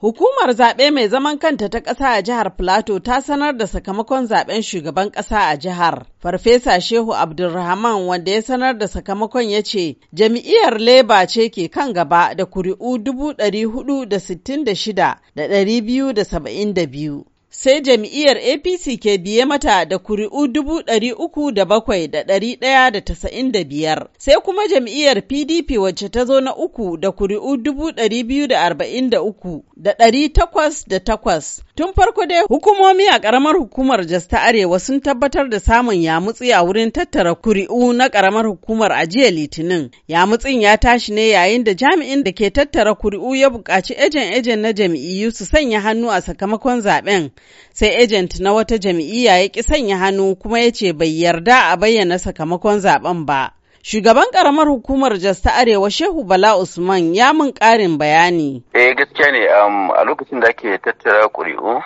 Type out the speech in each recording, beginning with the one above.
Hukumar zaɓe mai zaman kanta ta ƙasa a jihar Filato ta sanar da sakamakon zaɓen shugaban ƙasa a jihar. Farfesa Shehu Abdulrahman wanda ya sanar da sakamakon ya ce, jam'iyyar Leba ce ke kan gaba da kuri'u 466,272. sai jam'iyyar apc ke biye mata da kuri'u dubu ɗari uku da bakwai da ɗari ɗaya da tasa'in da biyar sai kuma jam'iyyar pdp wacce ta zo na uku da kuri'u dubu ɗari biyu da arba'in da uku da ɗari takwas da takwas tun farko dai hukumomi a karamar hukumar jas ta arewa sun tabbatar da samun yamutsi a wurin tattara kuri'u na karamar hukumar a jiya litinin yamutsin ya tashi ne yayin da jami'in da ke tattara kuri'u ya buƙaci ejen-ejen na jam'iyyu su sanya hannu a sakamakon zaben sai agent na wata jam'iyya ya ki sanya hannu kuma ya ce bai yarda a bayyana sakamakon zaben ba. Shugaban karamar hukumar Jos ta Arewa Shehu Bala Usman ya mun ƙarin bayani. Eh gaskiya ne um, a lokacin da ake tattara ƙuri'u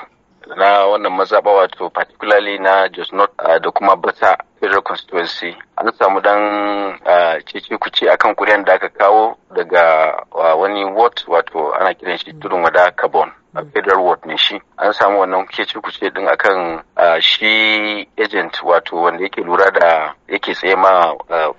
na wannan mazaɓa wato particularly na Jos North uh, da kuma Bata Federal Constituency an samu dan uh, cece ku akan kuri'an da aka kawo daga wani wot wato ana kiran shi tudun wada carbon a hmm. federal ward ne shi an samu wannan kece kuce din akan shi agent wato wanda yake lura da yake tsaye ma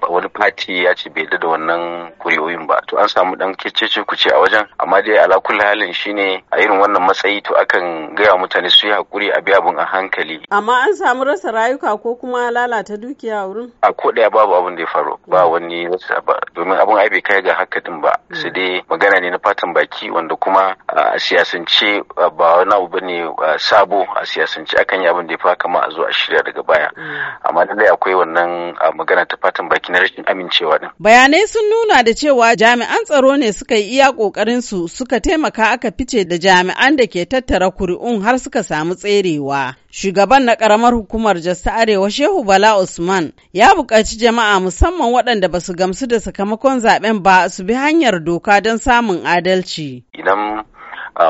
wani party ya ce bai da wannan kuri'oyin ba to an samu dan kece kuce a wajen amma dai ala kulli halin shine a irin wannan matsayi to akan gaya mutane su yi hakuri a biya abin a hankali amma an samu rasa rayuka ko kuma lalata dukiya a wurin a ko daya babu abin da ya faru ba hmm. wani rasa ba domin abin ai bai kai ga haka din ba hmm. sai dai magana ne na fatan baki wanda kuma a siyasance ba wani abu bane sabo a siyasance akan yi abin da ya fi haka a zo a shirya daga baya hmm. amma lallai akwai wannan magana ta fatan baki na rashin amincewa din bayanai sun nuna da cewa jami'an tsaro ne suka yi iya kokarin su suka taimaka aka fice da jami'an da ke tattara kuri'un har suka samu tserewa Shugaban na ƙaramar hukumar Jasta Arewa Shehu Bala Usman ya buƙaci jama'a musamman waɗanda ba su gamsu da sakamakon zaɓen ba su bi hanyar doka don samun adalci. Idan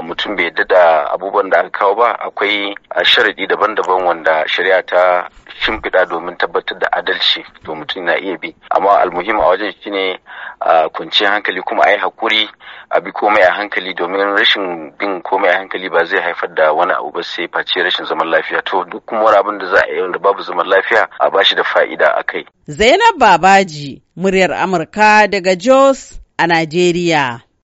mutum bai yadda da abubuwan da aka kawo ba akwai sharadi daban-daban wanda shari'a ta shimfiɗa domin tabbatar da adalci to mutum na iya bi amma almuhim a wajen shine kwanciyar hankali kuma a yi hakuri a bi komai a hankali domin rashin bin komai a hankali ba zai haifar da wani abu ba sai face rashin zaman lafiya to duk kuma wani abin da za a yi wanda babu zaman lafiya a bashi da fa'ida a kai. Zainab Babaji, muryar Amurka daga Jos a Najeriya.